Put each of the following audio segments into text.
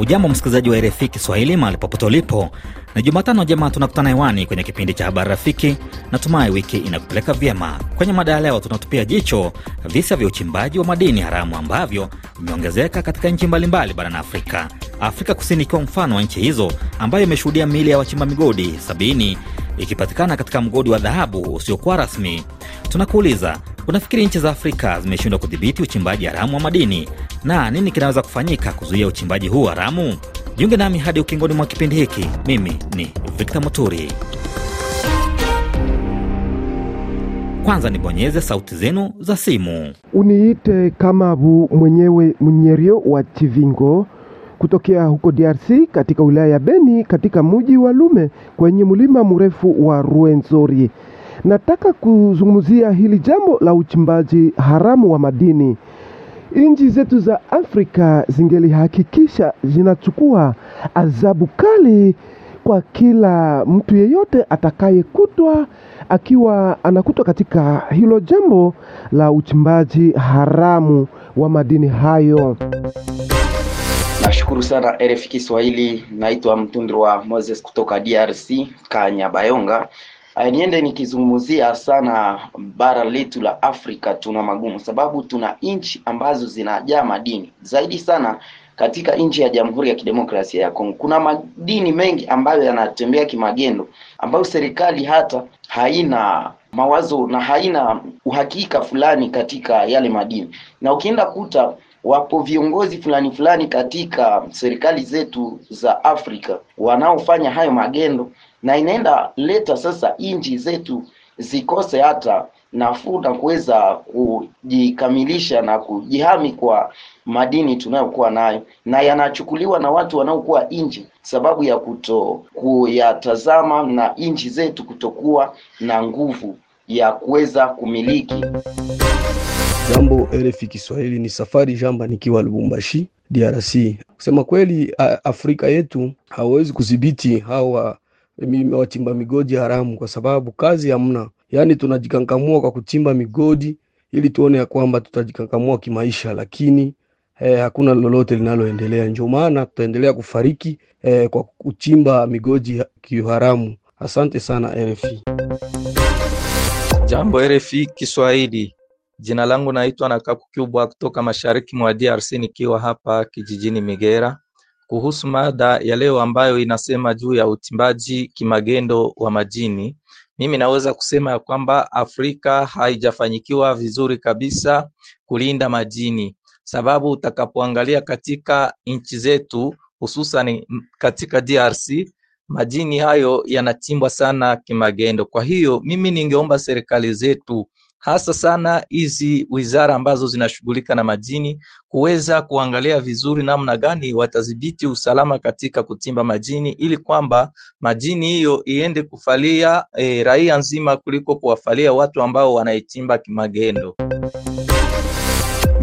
Ujambo msikilizaji wa RFI Kiswahili mahali popote ulipo, ni Jumatano jema tunakutana hewani kwenye kipindi cha habari rafiki. Natumai wiki inakupeleka vyema. Kwenye mada ya leo, tunatupia jicho visa vya uchimbaji wa madini haramu ambavyo vimeongezeka katika nchi mbalimbali barani Afrika, Afrika Kusini ikiwa mfano wa nchi hizo ambayo imeshuhudia miili ya wachimba migodi sabini ikipatikana katika mgodi wa dhahabu usiokuwa rasmi. Tunakuuliza, Unafikiri nchi za Afrika zimeshindwa kudhibiti uchimbaji haramu wa madini? Na nini kinaweza kufanyika kuzuia uchimbaji huu haramu? Jiunge nami hadi ukingoni mwa kipindi hiki. Mimi ni Victor Moturi. Kwanza nibonyeze sauti zenu za simu. Uniite Kamavu mwenyewe Mnyerio wa Chivingo kutokea huko DRC katika wilaya ya Beni katika mji wa Lume kwenye mlima mrefu wa Ruenzori. Nataka kuzungumzia hili jambo la uchimbaji haramu wa madini. Nchi zetu za Afrika zingelihakikisha zinachukua adhabu kali kwa kila mtu yeyote atakayekutwa akiwa anakutwa katika hilo jambo la uchimbaji haramu wa madini hayo. Nashukuru sana rf Kiswahili. Naitwa Mtundri wa Moses kutoka DRC Kanyabayonga. Eh, niende nikizungumzia sana bara letu la Afrika, tuna magumu sababu tuna nchi ambazo zinajaa madini zaidi sana katika nchi ya Jamhuri ya Kidemokrasia ya Kongo kuna madini mengi ambayo yanatembea kimagendo, ambayo serikali hata haina mawazo na haina uhakika fulani katika yale madini, na ukienda kuta wapo viongozi fulani fulani katika serikali zetu za Afrika wanaofanya hayo magendo, na inaenda leta sasa nchi zetu zikose hata nafuu na kuweza kujikamilisha na kujihami kwa madini tunayokuwa nayo, na yanachukuliwa na watu wanaokuwa nje, sababu ya kuto kuyatazama na nchi zetu kutokuwa na nguvu ya kuweza kumiliki. Jambo RFI Kiswahili, ni safari jamba nikiwa Lubumbashi DRC. Kusema kweli, Afrika yetu hawezi kudhibiti hawa wachimba migodi haramu, kwa sababu kazi hamna. Yaani tunajikankamua kwa kuchimba migodi ili tuone ya kwamba tutajikankamua kimaisha, lakini eh, hakuna lolote linaloendelea. Ndio maana tutaendelea kufariki eh, kwa kuchimba migodi kiharamu. Asante sana RFI. Jambo RFI Kiswahili, jina langu naitwa Nakaku Kubwa kutoka mashariki mwa DRC nikiwa hapa kijijini Migera, kuhusu mada ya leo ambayo inasema juu ya uchimbaji kimagendo wa majini Mimi naweza kusema ya kwamba Afrika haijafanyikiwa vizuri kabisa kulinda majini sababu utakapoangalia katika nchi zetu hususan katika DRC majini hayo yanachimbwa sana kimagendo. Kwa hiyo mimi ningeomba serikali zetu hasa sana hizi wizara ambazo zinashughulika na majini kuweza kuangalia vizuri namna gani watadhibiti usalama katika kuchimba majini ili kwamba majini hiyo iende kufalia e, raia nzima kuliko kuwafalia watu ambao wanaichimba kimagendo.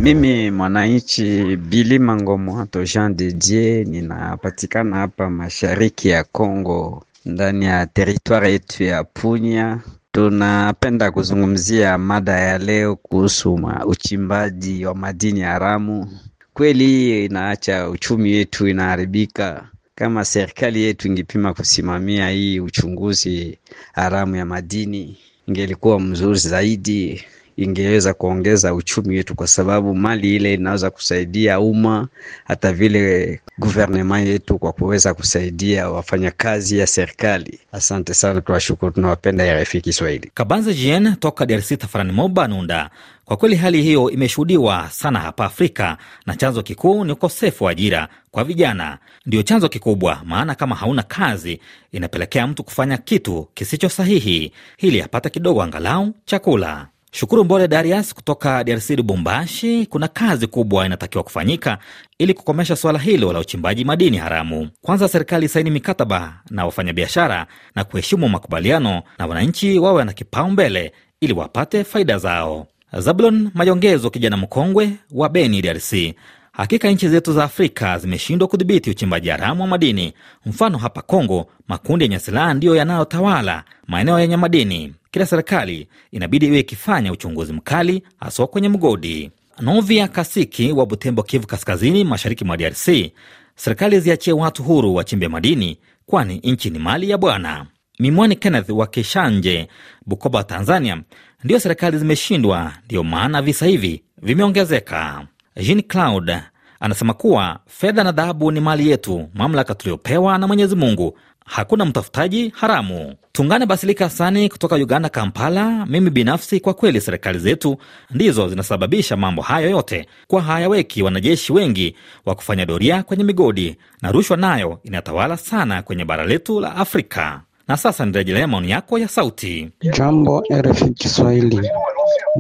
Mimi mwananchi Bili Mangomo Hato Jean de Dieu, ninapatikana hapa mashariki ya Kongo ndani ya teritwari yetu ya Punya. Tunapenda kuzungumzia mada ya leo kuhusu uchimbaji wa madini haramu. Kweli inaacha uchumi wetu inaharibika. Kama serikali yetu ingepima kusimamia hii uchunguzi haramu ya madini, ingelikuwa mzuri zaidi ingeweza kuongeza uchumi wetu, kwa sababu mali ile inaweza kusaidia umma, hata vile guvernema yetu kwa kuweza kusaidia wafanyakazi ya serikali. Asante sana, tuwashukuru, tunawapenda RFI Kiswahili. Kabanza Jien toka DRC, Tafarani Moba Nunda. Kwa kweli hali hiyo imeshuhudiwa sana hapa Afrika, na chanzo kikuu ni ukosefu wa ajira kwa vijana, ndiyo chanzo kikubwa. Maana kama hauna kazi, inapelekea mtu kufanya kitu kisicho sahihi, ili apata kidogo angalau chakula. Shukuru Mbole Darius kutoka DRC Lubumbashi. Kuna kazi kubwa inatakiwa kufanyika ili kukomesha suala hilo la uchimbaji madini haramu. Kwanza, serikali saini mikataba na wafanyabiashara na kuheshimu makubaliano, na wananchi wawe na kipaumbele ili wapate faida zao. Zabulon Majongezo, kijana mkongwe wa Beni, DRC Hakika nchi zetu za Afrika zimeshindwa kudhibiti uchimbaji haramu wa madini. Mfano hapa Kongo, makundi yenye silaha ndiyo yanayotawala maeneo yenye madini. Kila serikali inabidi iwe ikifanya uchunguzi mkali, haswa kwenye mgodi. Novia Kasiki wa Butembo, Kivu Kaskazini, mashariki mwa DRC: serikali ziachie watu huru wachimbe madini, kwani nchi ni mali ya Bwana. Mimwani Kenneth wa Kishanje, Bukoba, Tanzania: ndiyo serikali zimeshindwa, ndiyo maana visa hivi vimeongezeka. Jean Claude anasema kuwa fedha na dhahabu ni mali yetu, mamlaka tuliyopewa na Mwenyezi Mungu. Hakuna mtafutaji haramu. Tungane Basilika Hasani kutoka Uganda, Kampala. Mimi binafsi kwa kweli, serikali zetu ndizo zinasababisha mambo hayo yote, kwa hayaweki wanajeshi wengi wa kufanya doria kwenye migodi, na rushwa nayo inatawala sana kwenye bara letu la Afrika. Na sasa nirejelea maoni yako ya sauti. Jambo RFI Kiswahili,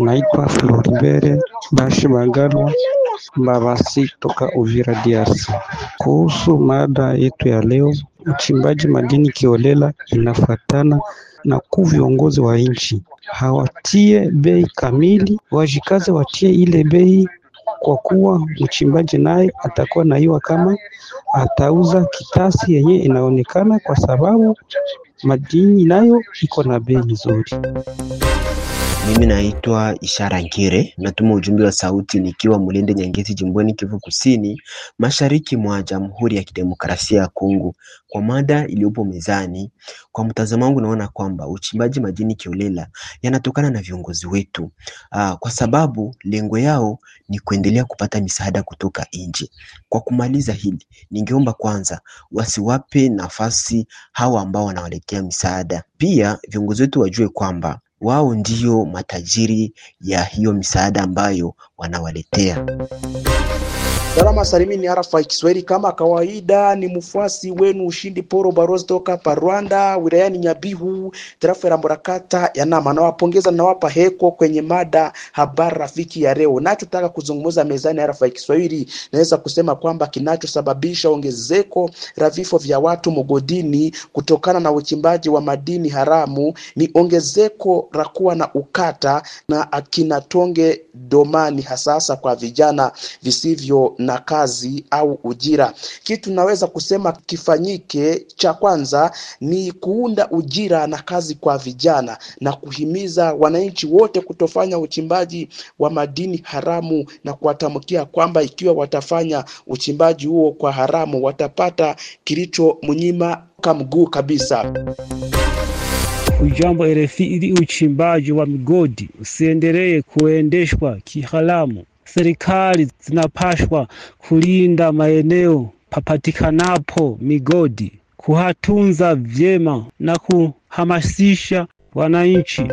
naitwa Floribere Bashi Bagalwa mbabasi toka Uvira DRC. Kuhusu mada yetu ya leo, uchimbaji madini kiolela inafatana na ku viongozi wa nchi hawatie bei kamili, wajikaze watie ile bei, kwa kuwa mchimbaji naye atakuwa naiwa kama atauza kitasi yenye inaonekana, kwa sababu madini nayo iko na bei nzuri. Mimi naitwa Ishara Ngire, natuma ujumbe wa sauti nikiwa mlende Nyangezi, jimboni Kivu Kusini, mashariki mwa Jamhuri ya Kidemokrasia ya Kongo. Kwa mada iliyopo mezani, kwa mtazamo wangu, naona kwamba uchimbaji madini kiolela yanatokana na viongozi wetu aa, ah, kwa sababu lengo yao ni kuendelea kupata misaada kutoka nje. Kwa kumaliza hili, ningeomba kwanza wasiwape nafasi hawa ambao wanawaletea misaada. Pia viongozi wetu wajue kwamba wao ndio matajiri ya hiyo misaada ambayo wanawaletea. Salama salimini arafa Kiswahili kama kawaida, ni mfuasi wenu Ushindi Poro Barozi toka pa Rwanda wilayani Nyabihu tarafa ya Mborakata ya Nama. Nawapongeza, nawapa heko kwenye mada habari rafiki ya leo. Nachotaka kuzungumza mezani arafa Kiswahili, naweza kusema kwamba kinachosababisha ongezeko la vifo vya watu mogodini kutokana na uchimbaji wa madini haramu ni ongezeko la kuwa na ukata na akina tonge domani, hasasa kwa vijana visivyo na kazi au ujira. Kitu naweza kusema kifanyike cha kwanza ni kuunda ujira na kazi kwa vijana na kuhimiza wananchi wote kutofanya uchimbaji wa madini haramu na kuwatamkia kwamba ikiwa watafanya uchimbaji huo kwa haramu watapata kilicho mnyima mguu kabisa. Ujambo RFI, ili uchimbaji wa migodi usiendelee kuendeshwa kiharamu Serikali zinapashwa kulinda maeneo papatikanapo migodi, kuhatunza vyema na kuhamasisha wananchi.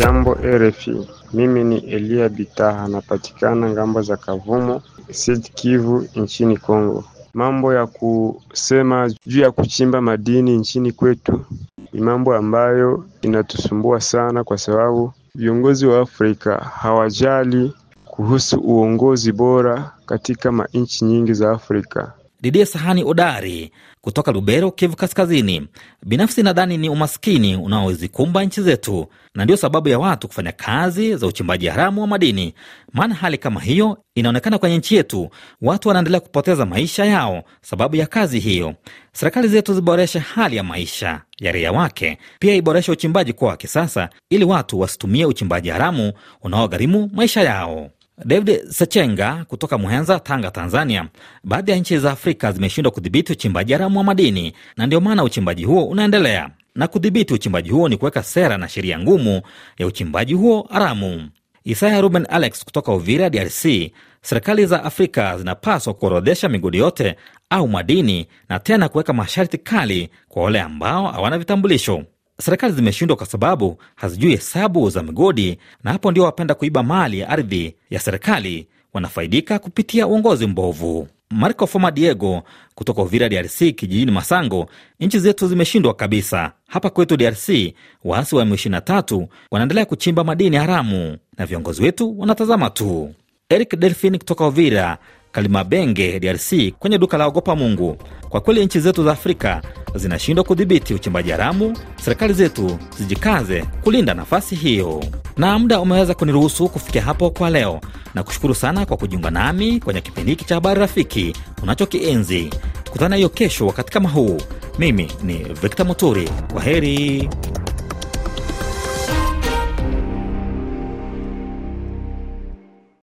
Jambo RFI, mimi ni Elia Bitaha, napatikana ngambo za Kavumo, Sud Kivu, nchini Kongo. Mambo ya kusema juu ya kuchimba madini nchini kwetu ni mambo ambayo inatusumbua sana, kwa sababu Viongozi wa Afrika hawajali kuhusu uongozi bora katika nchi nyingi za Afrika Didie Sahani Odari kutoka Lubero, Kivu Kaskazini. Binafsi nadhani ni umaskini unaozikumba nchi zetu, na ndiyo sababu ya watu kufanya kazi za uchimbaji haramu wa madini, maana hali kama hiyo inaonekana kwenye nchi yetu. Watu wanaendelea kupoteza maisha yao sababu ya kazi hiyo. Serikali zetu ziboreshe hali ya maisha ya raia wake, pia iboreshe uchimbaji kuwa wa kisasa, ili watu wasitumie uchimbaji haramu unaogharimu maisha yao. David Sechenga kutoka Muhenza, Tanga, Tanzania. Baadhi ya nchi za Afrika zimeshindwa kudhibiti uchimbaji haramu wa madini na ndio maana uchimbaji huo unaendelea, na kudhibiti uchimbaji huo ni kuweka sera na sheria ngumu ya uchimbaji huo haramu. Isaya Ruben Alex kutoka Uvira, DRC. Serikali za Afrika zinapaswa kuorodhesha migodi yote au madini na tena kuweka masharti kali kwa wale ambao hawana vitambulisho serikali zimeshindwa kwa sababu hazijui hesabu za migodi, na hapo ndio wapenda kuiba mali ya ardhi ya serikali wanafaidika kupitia uongozi mbovu. Marco Foma Diego kutoka Uvira, DRC, kijijini Masango. Nchi zetu zimeshindwa kabisa. Hapa kwetu DRC, waasi wa M23 wanaendelea kuchimba madini haramu na viongozi wetu wanatazama tu. Eric Delfin kutoka Uvira Kalimabenge, DRC, kwenye duka la ogopa Mungu. Kwa kweli nchi zetu za Afrika zinashindwa kudhibiti uchimbaji haramu. Serikali zetu zijikaze kulinda nafasi hiyo. Na muda umeweza kuniruhusu kufikia hapo kwa leo, na kushukuru sana kwa kujiunga nami kwenye kipindi hiki cha habari rafiki unachokienzi. Kutana hiyo kesho wakati kama huu. Mimi ni Victor Muturi, kwa heri.